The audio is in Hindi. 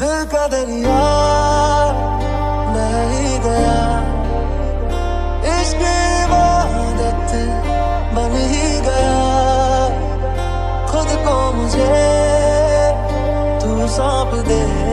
दिल का दरिया नहीं गया इसकी इबादत बन ही गया खुद को मुझे तू सौंप दे